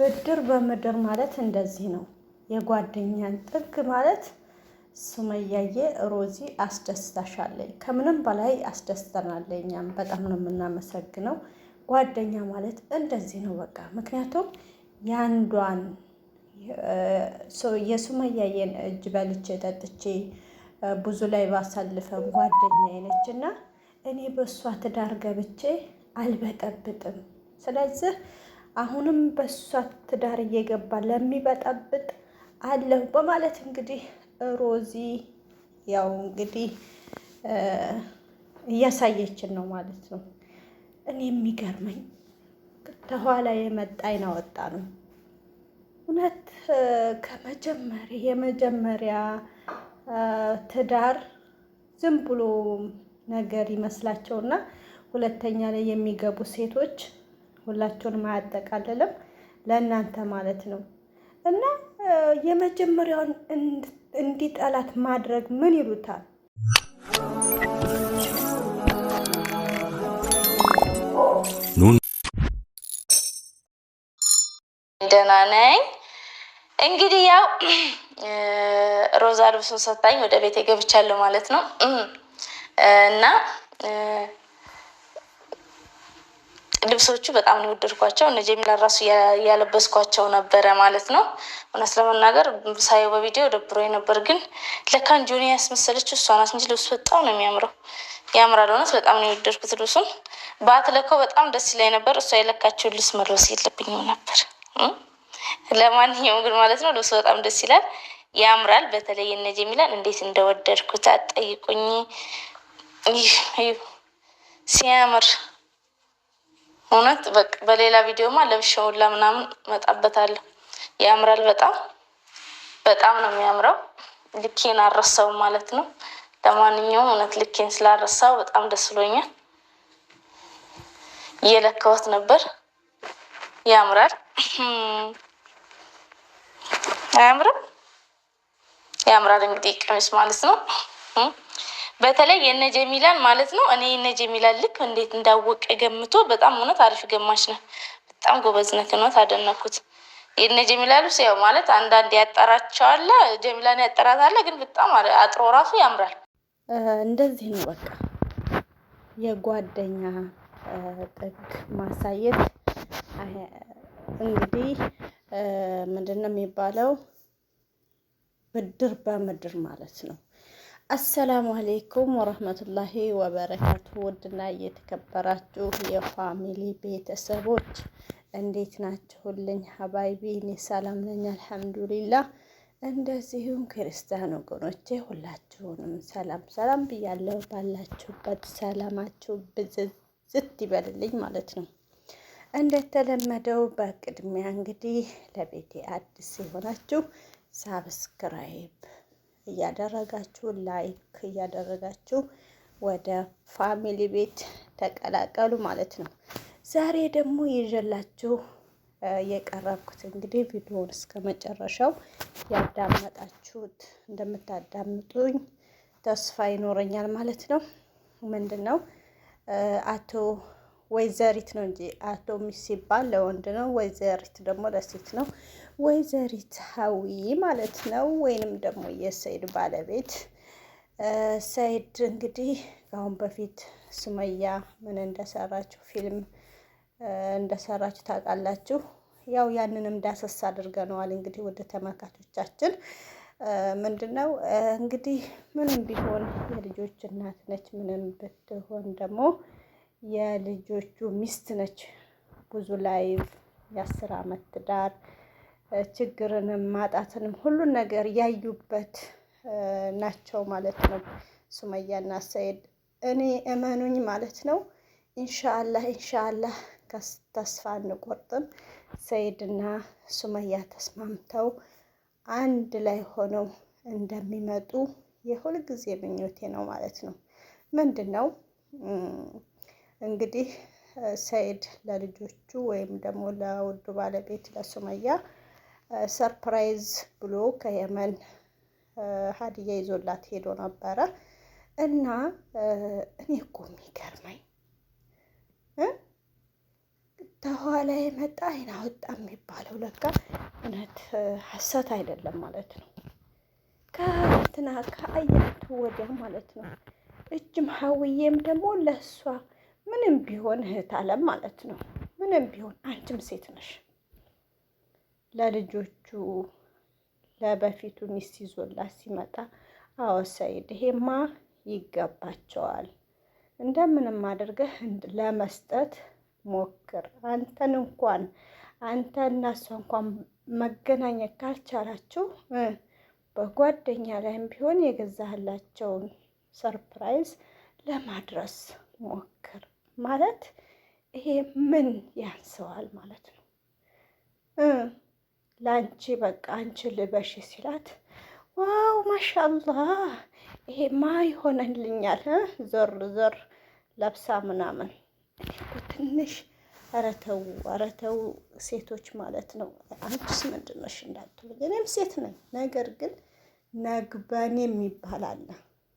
ብድር በምድር ማለት እንደዚህ ነው። የጓደኛን ጥግ ማለት ሱመያዬ ሮዚ አስደስታሻለኝ። ከምንም በላይ አስደስተናል። እኛም በጣም ነው የምናመሰግነው። ጓደኛ ማለት እንደዚህ ነው በቃ። ምክንያቱም ያንዷን የሱመያዬን እጅ በልቼ ጠጥቼ ብዙ ላይ ባሳልፈም ጓደኛዬ ነች እና እኔ በእሷ ትዳር ገብቼ አልበጠብጥም። ስለዚህ አሁንም በሷ ትዳር እየገባ ለሚበጠብጥ አለሁ በማለት እንግዲህ ሮዚ ያው እንግዲህ እያሳየችን ነው ማለት ነው። እኔ የሚገርመኝ ከኋላ የመጣ አይን ነው። እውነት ከመጀመሪያ የመጀመሪያ ትዳር ዝም ብሎ ነገር ይመስላቸውና ሁለተኛ ላይ የሚገቡ ሴቶች ሁላችሁንም አያጠቃልልም ለእናንተ ማለት ነው። እና የመጀመሪያውን እንዲጠላት ማድረግ ምን ይሉታል? ደህና ነኝ። እንግዲህ ያው ሮዛ ልብሶ ሰታኝ ወደ ቤት የገብቻለሁ ማለት ነው እና ልብሶቹ በጣም ነው የወደድኳቸው። እነ ጀሚላ ራሱ ያለበስኳቸው ነበረ ማለት ነው። እውነት ለመናገር ሳየው በቪዲዮ ደብሮ ነበር፣ ግን ለካን እንጆኒ ያስመሰለችው እሷ ናት እንጂ ልብሱ በጣም ነው የሚያምረው። ያምራል። እውነት በጣም ነው የወደድኩት ልብሱን። ለከው በጣም ደስ ይለኝ ነበር። እሷ የለካቸውን ልብስ መልበስ የለብኝም ነበር። ለማንኛውም ግን ማለት ነው ልብሱ በጣም ደስ ይላል፣ ያምራል። በተለይ እነ ጀሚላን እንዴት እንደወደድኩት አጠይቁኝ ይህ ሲያምር እውነት በሌላ ቪዲዮማ ለብሻውላ ምናምን መጣበታለሁ። ያምራል። በጣም በጣም ነው የሚያምረው። ልኬን አረሳው ማለት ነው። ለማንኛውም እውነት ልኬን ስላረሳው በጣም ደስ ብሎኛል። እየለካሁት ነበር። ያምራል። አያምርም? ያምራል። እንግዲህ ቀሚስ ማለት ነው። በተለይ የነ ጀሚላን ማለት ነው። እኔ የነ ጀሚላን ልክ እንዴት እንዳወቀ ገምቶ በጣም እውነት አሪፍ ገማች ነው። በጣም ጎበዝ ነት አደነኩት። የነ ጀሚላ ልብስ ያው ማለት አንዳንድ ያጠራቸዋለ፣ ጀሚላን ያጠራታለ፣ ግን በጣም አጥሮ ራሱ ያምራል። እንደዚህ ነው በቃ የጓደኛ ጥግ ማሳየት እንግዲህ ምንድን ነው የሚባለው? ብድር በምድር ማለት ነው። አሰላሙ አሌይኩም ወረህመቱላሂ ወበረካቱ። ውድና እየተከበራችሁ የፋሚሊ ቤተሰቦች እንዴት ናችሁልኝ? ሀባይቢ እኔ ሰላም ነኝ አልሐምዱሊላ። እንደዚሁም ክርስቲያን ወገኖቼ ሁላችሁንም ሰላም ሰላም ብያለሁ። ባላችሁበት ሰላማችሁ ብዝዝት ይበልልኝ ማለት ነው። እንደተለመደው በቅድሚያ እንግዲህ ለቤቴ አዲስ የሆናችሁ ሳብስክራይብ እያደረጋችሁ ላይክ እያደረጋችሁ ወደ ፋሚሊ ቤት ተቀላቀሉ ማለት ነው። ዛሬ ደግሞ ይዤላችሁ የቀረብኩት እንግዲህ ቪዲዮውን እስከ መጨረሻው ያዳመጣችሁት እንደምታዳምጡኝ ተስፋ ይኖረኛል ማለት ነው። ምንድን ነው አቶ ወይዘሪት ነው እንጂ አቶ ሚስ ሲባል ለወንድ ነው፣ ወይዘሪት ደግሞ ለሴት ነው። ወይዘሪት ሀዊ ማለት ነው። ወይንም ደግሞ የሰይድ ባለቤት ሰይድ እንግዲህ ከአሁን በፊት ሱመያ ምን እንደሰራችሁ ፊልም እንደሰራችሁ ታውቃላችሁ። ያው ያንንም ዳሰስ አድርገነዋል። እንግዲህ ወደ ተመልካቾቻችን ምንድን ነው እንግዲህ ምንም ቢሆን የልጆች እናት ነች። ምንም ብትሆን ደግሞ የልጆቹ ሚስት ነች። ብዙ ላይቭ የአስር አመት ትዳር ችግርንም ማጣትንም ሁሉን ነገር ያዩበት ናቸው ማለት ነው ሱመያና ሰኢድ። እኔ እመኑኝ ማለት ነው ኢንሻአላህ ኢንሻአላህ ተስፋ እንቆርጥም ሰኢድና ሱመያ ተስማምተው አንድ ላይ ሆነው እንደሚመጡ የሁል ጊዜ ምኞቴ ነው ማለት ነው። ምንድን ነው እንግዲህ ሰኢድ ለልጆቹ ወይም ደግሞ ለውዱ ባለቤት ለሱመያ ሰርፕራይዝ ብሎ ከየመን ሀዲያ ይዞላት ሄዶ ነበረ እና እኔ እኮ የሚገርመኝ ተኋላ የመጣ አይን አወጣ የሚባለው ለካ እውነት ሀሰት አይደለም ማለት ነው። ከትና ከአያቱ ወዲያ ማለት ነው። እጅም ሀውዬም ደግሞ ለእሷ ምንም ቢሆን እህት አለም ማለት ነው። ምንም ቢሆን አንቺም ሴት ነሽ ለልጆቹ ለበፊቱ ሚስት ይዞላት ሲመጣ አዎ ሰኢድ ይሄማ ይገባቸዋል፣ እንደምንም አድርገህ ለመስጠት ሞክር። አንተን እንኳን አንተ እና እሷ እንኳን መገናኘት ካልቻላችሁ በጓደኛ ላይም ቢሆን የገዛህላቸውን ሰርፕራይዝ ለማድረስ ሞክር። ማለት ይሄ ምን ያንሰዋል ማለት ነው። ለአንቺ በቃ አንቺ ልበሽ ሲላት ዋው ማሻአላህ ይሄማ ይሆነልኛል፣ ዞር ዞር ለብሳ ምናምን ትንሽ አረተው አረተው ሴቶች ማለት ነው። አንቺስ ምንድን ነሽ እንዳትሉኝ፣ እኔም ሴት ነኝ። ነገር ግን ነግበኔ የሚባል አለ፣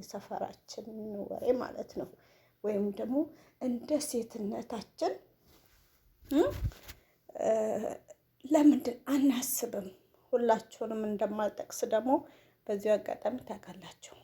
የሰፈራችን ወሬ ማለት ነው። ወይም ደግሞ እንደ ሴትነታችን ለምንድን አናስብም? ሁላችሁንም እንደማልጠቅስ ደግሞ በዚሁ አጋጣሚ ታውቃላችሁ።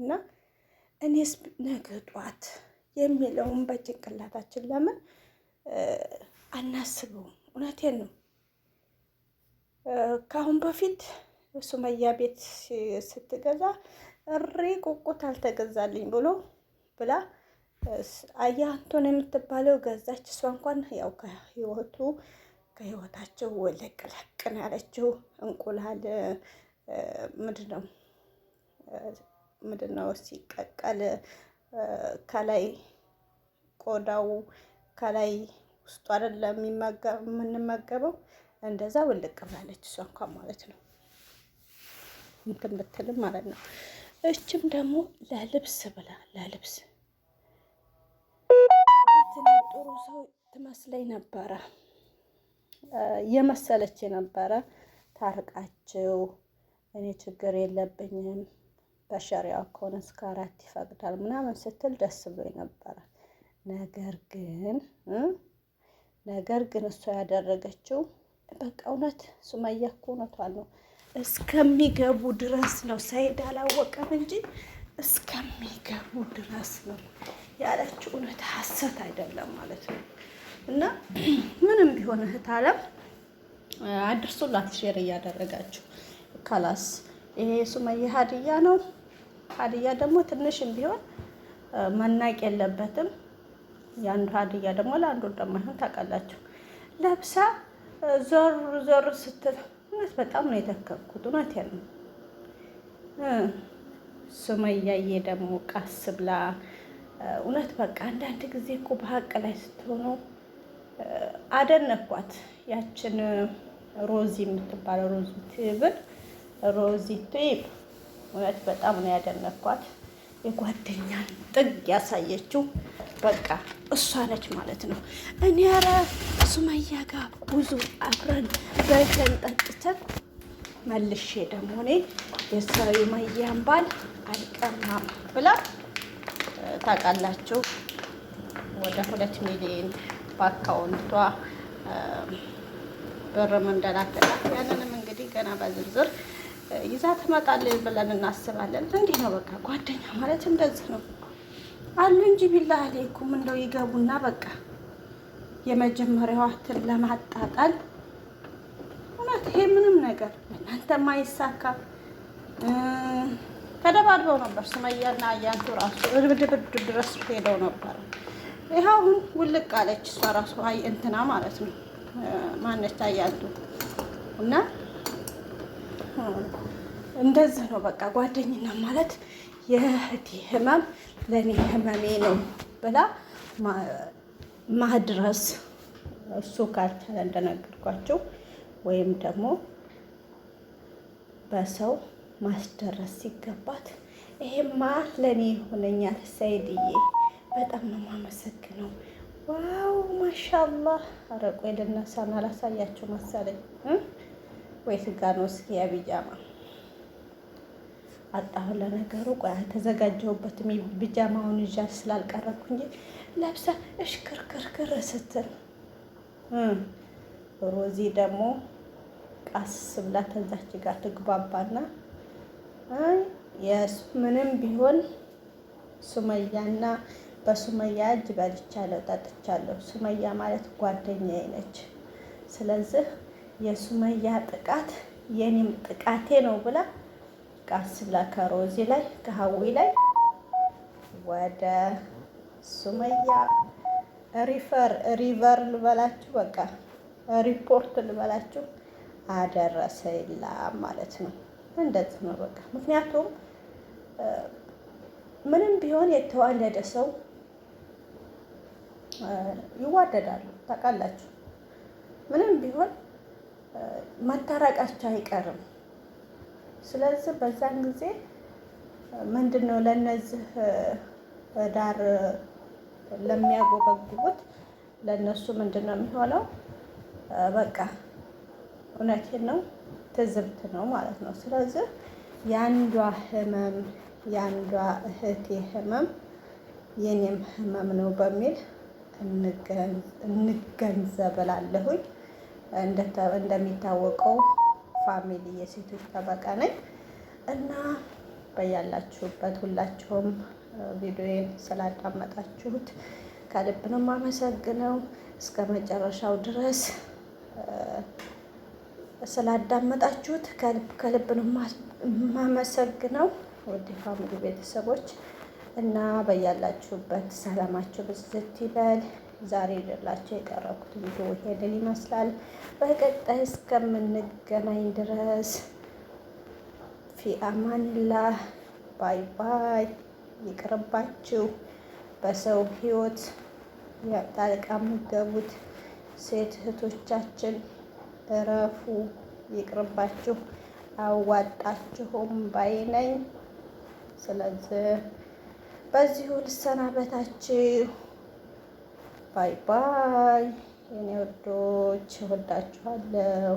እና እኔስ ነገ ጧት የሚለውን በጭንቅላታችን ለምን አናስበውም? እውነቴን ነው። ከአሁን በፊት ሱመያ ቤት ስትገዛ እሪ ቁቁት አልተገዛልኝ ብሎ ብላ አያንቶን የምትባለው ገዛች። እሷ እንኳን ያው ከህይወቱ ከህይወታቸው ወለቅ ለቅን ያለችው እንቁላል ምንድነው ነው ሲቀቀል ከላይ ቆዳው ከላይ ውስጡ አይደለም የምንመገበው። እንደዛ ውልቅ ብላለች እሷ እንኳን ማለት ነው እንትን ብትልም ማለት ነው። እችም ደግሞ ለልብስ ብላ ለልብስ ጥሩ ሰው ትመስለኝ ነበረ። የመሰለች የነበረ ታርቃችሁ እኔ ችግር የለብኝም በሸሪያ ከሆነ እስከ አራት ይፈቅዳል ምናምን ስትል ደስ ብሎ ነበረ። ነገር ግን ነገር ግን እሷ ያደረገችው በቃ እውነት ሱመያ እኮ እውነቷን ነው። እስከሚገቡ ድረስ ነው ሰኢድ አላወቀም እንጂ እስከሚገቡ ድረስ ነው ያለችው እውነት ሀሰት አይደለም ማለት ነው። እና ምንም ቢሆን እህት አለም አድርሶላት ሼር እያደረጋችሁ ከላስ ይሄ ሱመያ ሀዲያ ነው። ሀዲያ ደግሞ ትንሽም ቢሆን መናቅ የለበትም። የአንዱ ሀዲያ ደግሞ ለአንዱ እንደማይሆን ታውቃላችሁ። ለብሳ ዞር ዞር ስትል እውነት በጣም ነው የተከብኩት። እውነቴን ነው። ሱመያዬ ደግሞ ቃስ ብላ እውነት በቃ አንዳንድ ጊዜ እኮ በሀቅ ላይ ስትሆኑ አደነኳት። ያችን ሮዚ የምትባለው ሮዚ ትብል ሮዚ ትይብ እውነት በጣም ነው ያደነኳት። የጓደኛን ጥግ ያሳየችው በቃ እሷ ነች ማለት ነው። እኔ ኧረ ሱመያ ጋር ጉዞ አብረን በልተን ጠጥተን መልሼ ደግሞ እኔ የሱመያን ባል አልቀማም ብላ ታውቃላችሁ ወደ ሁለት ሚሊዮን በአካውንቷ በር እንደላከላት ያንንም እንግዲህ ገና በዝርዝር ይዛ ትመጣለች ብለን እናስባለን። እንዲህ ነው በቃ ጓደኛ ማለት እንደዚህ ነው አሉ እንጂ ቢላ አሌኩም እንደው ይገቡና በቃ የመጀመሪያዋትን ለማጣጣል እውነት ይሄ ምንም ነገር እናንተ ማይሳካ ተደባድበው ነበር። ሱመያና አያንቱ ራሱ እብድብድ ድረስ ሄደው ነበር። ይህ አሁን ውልቅ አለች እሷ ራሱ አይ እንትና ማለት ነው ማነች ታያልቱ እና እንደዚህ ነው በቃ ጓደኝና ማለት የእህቴ ህመም ለእኔ ህመሜ ነው ብላ ማድረስ እሱ ካልቻለ እንደነገርኳቸው ወይም ደግሞ በሰው ማስደረስ ሲገባት ይሄማ ለእኔ ሆነኛል ሰይድዬ በጣም ነው የማመሰግነው። ዋው ማሻአላህ። ኧረ ቆይ ልነሳና አላሳያችሁ መሰለኝ ወይ ስጋ ነው። እስኪ የቢጃማ አጣሁ። ለነገሩ ቆይ አልተዘጋጀሁበትም ቢጃማውን እዣ ስላልቀረብኩ እንጂ ለብሳ እሽክርክርክር ስትል ሮዚ ደግሞ ቃስ ብላ ተዛች ጋር ትግባባና የሱ ምንም ቢሆን ሱመያና በሱመያ እጅ በልቻለሁ፣ ጠጥቻለሁ። ሱመያ ማለት ጓደኛዬ ነች። ስለዚህ የሱመያ ጥቃት የኔም ጥቃቴ ነው ብላ ቃስ ብላ ከሮዚ ላይ ከሀዊ ላይ ወደ ሱመያ ሪፈር ሪቨር ልበላችሁ በቃ ሪፖርት ልበላችሁ አደረሰ ይላ ማለት ነው። እንደዚህ ነው በቃ ምክንያቱም ምንም ቢሆን የተዋለደ ሰው ይዋደዳሉ። ታውቃላችሁ፣ ምንም ቢሆን መታረቃቸው አይቀርም። ስለዚህ በዛን ጊዜ ምንድን ነው ዳር ለሚያጎበጉቡት ለነሱ ምንድን ነው የሚሆነው? በቃ እውነቴን ነው ትዝብት ነው ማለት ነው። ስለዚህ የአንዷ ህመም የአንዷ እህቴ ህመም የኔም ህመም ነው በሚል እንገንዘብላለሁኝ። እንደሚታወቀው ፋሚሊ የሴቶች ጠበቃ ነኝ እና በያላችሁበት ሁላችሁም ቪዲዮዬን ስላዳመጣችሁት ከልብ ነው የማመሰግነው። እስከ መጨረሻው ድረስ ስላዳመጣችሁት ከልብ ከልብ ነው የማመሰግነው። ወደ ፋሚሊ ቤተሰቦች እና በያላችሁበት ሰላማችሁ ብዝት ይበል። ዛሬ ይዤላችሁ የቀረብኩት ቪዲዮ ይሄንን ይመስላል። በቀጣይ እስከምንገናኝ ድረስ ፊ አማኒላህ ባይ ባይ። ይቅርባችሁ በሰው ህይወት ጣልቃ የምትገቡት ሴት እህቶቻችን እረፉ፣ ይቅርባችሁ፣ አዋጣችሁም ባይ ነኝ። ስለዚህ በዚሁ ልሰናበታችሁ። ባይ ባይ። የኔ ወዶች ወዳችኋለሁ።